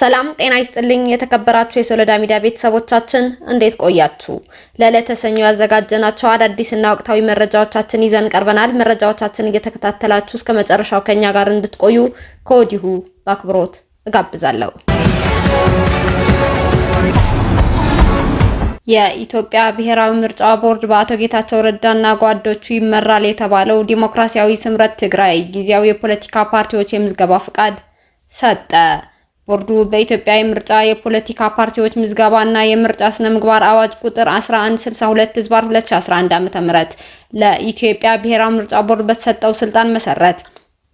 ሰላም ጤና ይስጥልኝ። የተከበራችሁ የሶለዳ ሚዲያ ቤተሰቦቻችን እንዴት ቆያችሁ? ለዕለተ ሰኞ ያዘጋጀናቸው አዳዲስና ወቅታዊ መረጃዎቻችን ይዘን ቀርበናል። መረጃዎቻችን እየተከታተላችሁ እስከ መጨረሻው ከኛ ጋር እንድትቆዩ ከወዲሁ በአክብሮት እጋብዛለሁ። የኢትዮጵያ ብሔራዊ ምርጫ ቦርድ በአቶ ጌታቸው ረዳና ጓዶቹ ይመራል የተባለው ዲሞክራሲያዊ ስምረት ትግራይ ጊዜያዊ የፖለቲካ ፓርቲዎች የምዝገባ ፍቃድ ሰጠ። ቦርዱ በኢትዮጵያ የምርጫ የፖለቲካ ፓርቲዎች ምዝገባና የምርጫ ስነ ምግባር አዋጅ ቁጥር 1162 ህዝባር 2011 ም ለኢትዮጵያ ብሔራዊ ምርጫ ቦርድ በተሰጠው ስልጣን መሰረት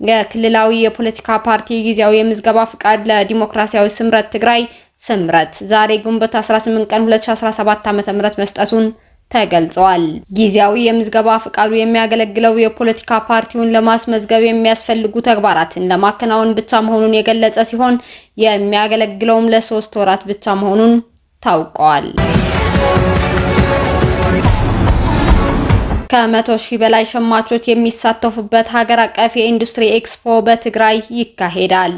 የክልላዊ የፖለቲካ ፓርቲ ጊዜያዊ የምዝገባ ፍቃድ ለዲሞክራሲያዊ ስምረት ትግራይ ስምረት ዛሬ ግንቦት 18 ቀን 2017 ዓ.ም መስጠቱን ተገልጿል። ጊዜያዊ የምዝገባ ፍቃዱ የሚያገለግለው የፖለቲካ ፓርቲውን ለማስመዝገብ የሚያስፈልጉ ተግባራትን ለማከናወን ብቻ መሆኑን የገለጸ ሲሆን የሚያገለግለውም ለሶስት ወራት ብቻ መሆኑን ታውቋል። ከመቶ ሺህ በላይ ሸማቾች የሚሳተፉበት ሀገር አቀፍ የኢንዱስትሪ ኤክስፖ በትግራይ ይካሄዳል።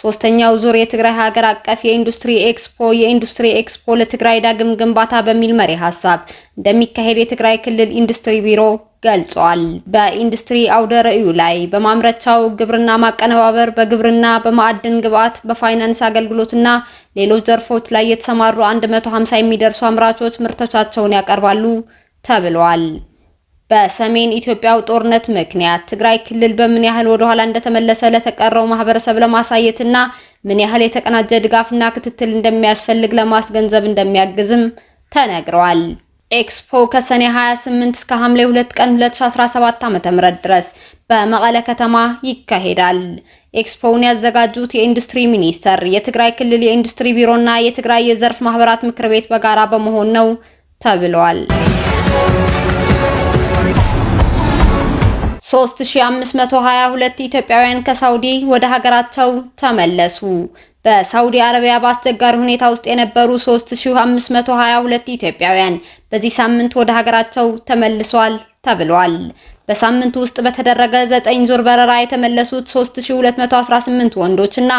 ሶስተኛው ዙር የትግራይ ሀገር አቀፍ የኢንዱስትሪ ኤክስፖ የኢንዱስትሪ ኤክስፖ ለትግራይ ዳግም ግንባታ በሚል መሪ ሀሳብ እንደሚካሄድ የትግራይ ክልል ኢንዱስትሪ ቢሮ ገልጿል። በኢንዱስትሪ አውደ ርዕዩ ላይ በማምረቻው ግብርና ማቀነባበር፣ በግብርና በማዕድን ግብዓት፣ በፋይናንስ አገልግሎትና ሌሎች ዘርፎች ላይ የተሰማሩ 150 የሚደርሱ አምራቾች ምርቶቻቸውን ያቀርባሉ ተብሏል። በሰሜን ኢትዮጵያው ጦርነት ምክንያት ትግራይ ክልል በምን ያህል ወደ ኋላ እንደተመለሰ ለተቀረው ማህበረሰብ ለማሳየትና ምን ያህል የተቀናጀ ድጋፍና ክትትል እንደሚያስፈልግ ለማስገንዘብ እንደሚያግዝም ተነግረዋል። ኤክስፖ ከሰኔ 28 እስከ ሐምሌ 2 ቀን 2017 ዓ.ም ድረስ በመቀለ ከተማ ይካሄዳል። ኤክስፖውን ያዘጋጁት የኢንዱስትሪ ሚኒስቴር፣ የትግራይ ክልል የኢንዱስትሪ ቢሮና የትግራይ የዘርፍ ማህበራት ምክር ቤት በጋራ በመሆን ነው ተብሏል። 3522 ኢትዮጵያውያን ከሳውዲ ወደ ሀገራቸው ተመለሱ። በሳውዲ አረቢያ በአስቸጋሪ ሁኔታ ውስጥ የነበሩ 3522 ኢትዮጵያውያን በዚህ ሳምንት ወደ ሀገራቸው ተመልሷል ተብሏል። በሳምንቱ ውስጥ በተደረገ ዘጠኝ ዙር በረራ የተመለሱት 3218 ወንዶች እና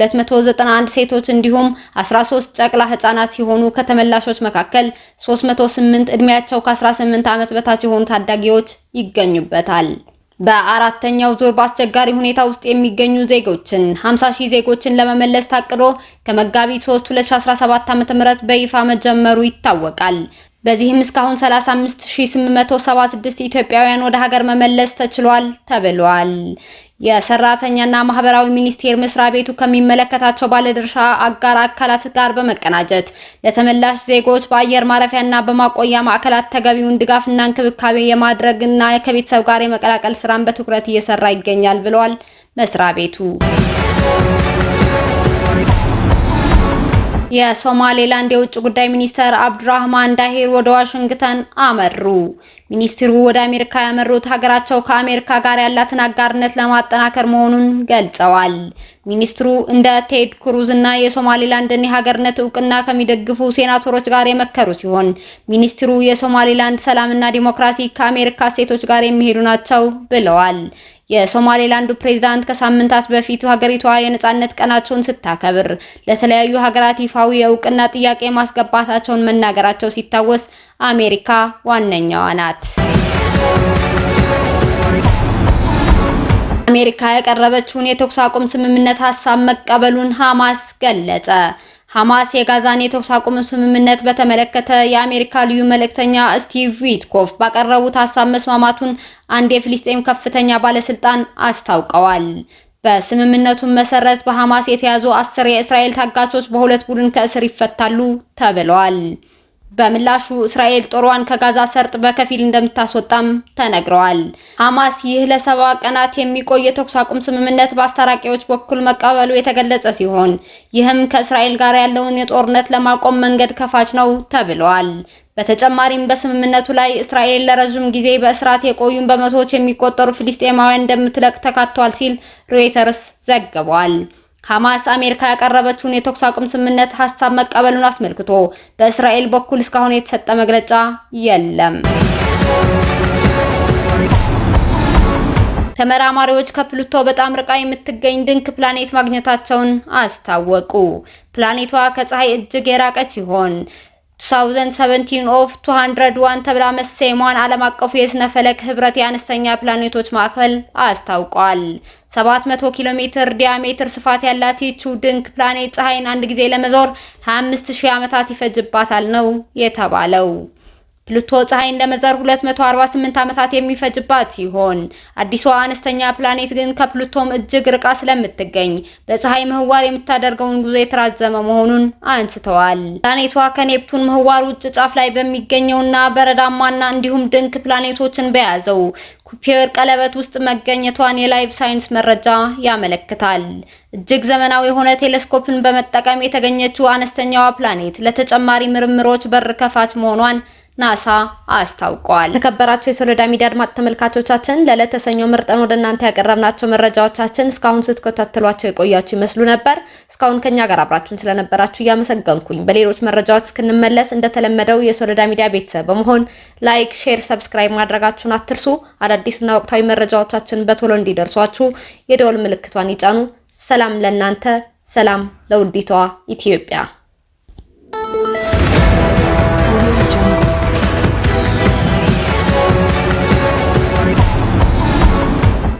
291 ሴቶች እንዲሁም 13 ጨቅላ ህጻናት ሲሆኑ ከተመላሾች መካከል 308 እድሜያቸው ከ18 ዓመት በታች የሆኑ ታዳጊዎች ይገኙበታል። በአራተኛው ዙር በአስቸጋሪ ሁኔታ ውስጥ የሚገኙ ዜጎችን 50 ሺህ ዜጎችን ለመመለስ ታቅዶ ከመጋቢት 3 2017 ዓ.ም በይፋ መጀመሩ ይታወቃል። በዚህም እስካሁን 35876 ኢትዮጵያውያን ወደ ሀገር መመለስ ተችሏል ተብሏል። የሰራተኛና ማህበራዊ ሚኒስቴር መስሪያ ቤቱ ከሚመለከታቸው ባለድርሻ አጋር አካላት ጋር በመቀናጀት ለተመላሽ ዜጎች በአየር ማረፊያና በማቆያ ማዕከላት ተገቢውን ድጋፍና እንክብካቤ የማድረግና ከቤተሰብ ጋር የመቀላቀል ስራን በትኩረት እየሰራ ይገኛል ብለዋል መስሪያ ቤቱ። የሶማሌላንድ የውጭ ጉዳይ ሚኒስተር አብዱራህማን ዳሂር ወደ ዋሽንግተን አመሩ። ሚኒስትሩ ወደ አሜሪካ ያመሩት ሀገራቸው ከአሜሪካ ጋር ያላትን አጋርነት ለማጠናከር መሆኑን ገልጸዋል። ሚኒስትሩ እንደ ቴድ ክሩዝ እና የሶማሌላንድን የሀገርነት እውቅና ከሚደግፉ ሴናተሮች ጋር የመከሩ ሲሆን ሚኒስትሩ የሶማሌላንድ ሰላምና ዲሞክራሲ ከአሜሪካ እሴቶች ጋር የሚሄዱ ናቸው ብለዋል። የሶማሌላንዱ ፕሬዝዳንት ከሳምንታት በፊት ሀገሪቷ የነጻነት ቀናቸውን ስታከብር ለተለያዩ ሀገራት ይፋዊ የእውቅና ጥያቄ ማስገባታቸውን መናገራቸው ሲታወስ አሜሪካ ዋነኛዋ ናት። አሜሪካ የቀረበችውን የተኩስ አቁም ስምምነት ሀሳብ መቀበሉን ሐማስ ገለጸ። ሐማስ የጋዛን የተኩስ አቁም ስምምነት በተመለከተ የአሜሪካ ልዩ መልእክተኛ ስቲቭ ዊትኮፍ ባቀረቡት ሀሳብ መስማማቱን አንድ የፍልስጤም ከፍተኛ ባለስልጣን አስታውቀዋል። በስምምነቱ መሰረት በሐማስ የተያዙ አስር የእስራኤል ታጋቾች በሁለት ቡድን ከእስር ይፈታሉ ተብለዋል። በምላሹ እስራኤል ጦሯን ከጋዛ ሰርጥ በከፊል እንደምታስወጣም ተነግረዋል። ሐማስ ይህ ለሰባ ቀናት የሚቆይ የተኩስ አቁም ስምምነት በአስታራቂዎች በኩል መቀበሉ የተገለጸ ሲሆን ይህም ከእስራኤል ጋር ያለውን የጦርነት ለማቆም መንገድ ከፋች ነው ተብለዋል። በተጨማሪም በስምምነቱ ላይ እስራኤል ለረዥም ጊዜ በእስራት የቆዩን በመቶዎች የሚቆጠሩ ፍልስጤማውያን እንደምትለቅ ተካቷል ሲል ሮይተርስ ዘግቧል። ሐማስ አሜሪካ ያቀረበችውን የተኩስ አቁም ስምምነት ሀሳብ መቀበሉን አስመልክቶ በእስራኤል በኩል እስካሁን የተሰጠ መግለጫ የለም። ተመራማሪዎች ከፕሉቶ በጣም ርቃ የምትገኝ ድንክ ፕላኔት ማግኘታቸውን አስታወቁ። ፕላኔቷ ከፀሐይ እጅግ የራቀች ሲሆን 2017 ኦፍ 201 ተብላ መሰየሟን ዓለም አቀፉ የስነ ፈለክ ህብረት የአነስተኛ ፕላኔቶች ማዕከል አስታውቋል። 700 ኪሎ ሜትር ዲያሜትር ስፋት ያላት ይቺው ድንክ ፕላኔት ፀሐይን አንድ ጊዜ ለመዞር 25000 ዓመታት ይፈጅባታል ነው የተባለው። ፕሉቶ ፀሐይን ለመዘር 248 ዓመታት የሚፈጅባት ሲሆን አዲሷ አነስተኛ ፕላኔት ግን ከፕሉቶም እጅግ ርቃ ስለምትገኝ በፀሐይ ምህዋር የምታደርገውን ጉዞ የተራዘመ መሆኑን አንስተዋል። ፕላኔቷ ከኔፕቱን ምህዋር ውጭ ጫፍ ላይ በሚገኘውና በረዳማና እንዲሁም ድንክ ፕላኔቶችን በያዘው ኩፒየር ቀለበት ውስጥ መገኘቷን የላይፍ ሳይንስ መረጃ ያመለክታል። እጅግ ዘመናዊ የሆነ ቴሌስኮፕን በመጠቀም የተገኘችው አነስተኛዋ ፕላኔት ለተጨማሪ ምርምሮች በር ከፋች መሆኗን ናሳ አስታውቋል። ተከበራቸው የሶሎዳ ሚዲያ አድማጭ ተመልካቾቻችን ለዕለተ ሰኞ ምርጠን ወደ እናንተ ያቀረብናቸው መረጃዎቻችን እስካሁን ስትከታተሏቸው የቆያችሁ ይመስሉ ነበር። እስካሁን ከኛ ጋር አብራችሁን ስለነበራችሁ እያመሰገንኩኝ በሌሎች መረጃዎች እስክንመለስ እንደተለመደው የሶሎዳ ሚዲያ ቤተሰብ በመሆን ላይክ፣ ሼር፣ ሰብስክራይብ ማድረጋችሁን አትርሱ። አዳዲስና ወቅታዊ መረጃዎቻችን በቶሎ እንዲደርሷችሁ የደወል ምልክቷን ይጫኑ። ሰላም ለእናንተ፣ ሰላም ለውዲቷ ኢትዮጵያ።